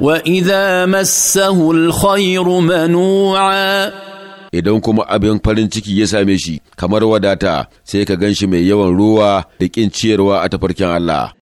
وإذا مسه الخير منوعا idan kuma abin farin ciki ya same shi kamar wadata sai ka gan shi mai yawan ruwa da ƙin ciyarwa a tafarkin Allah.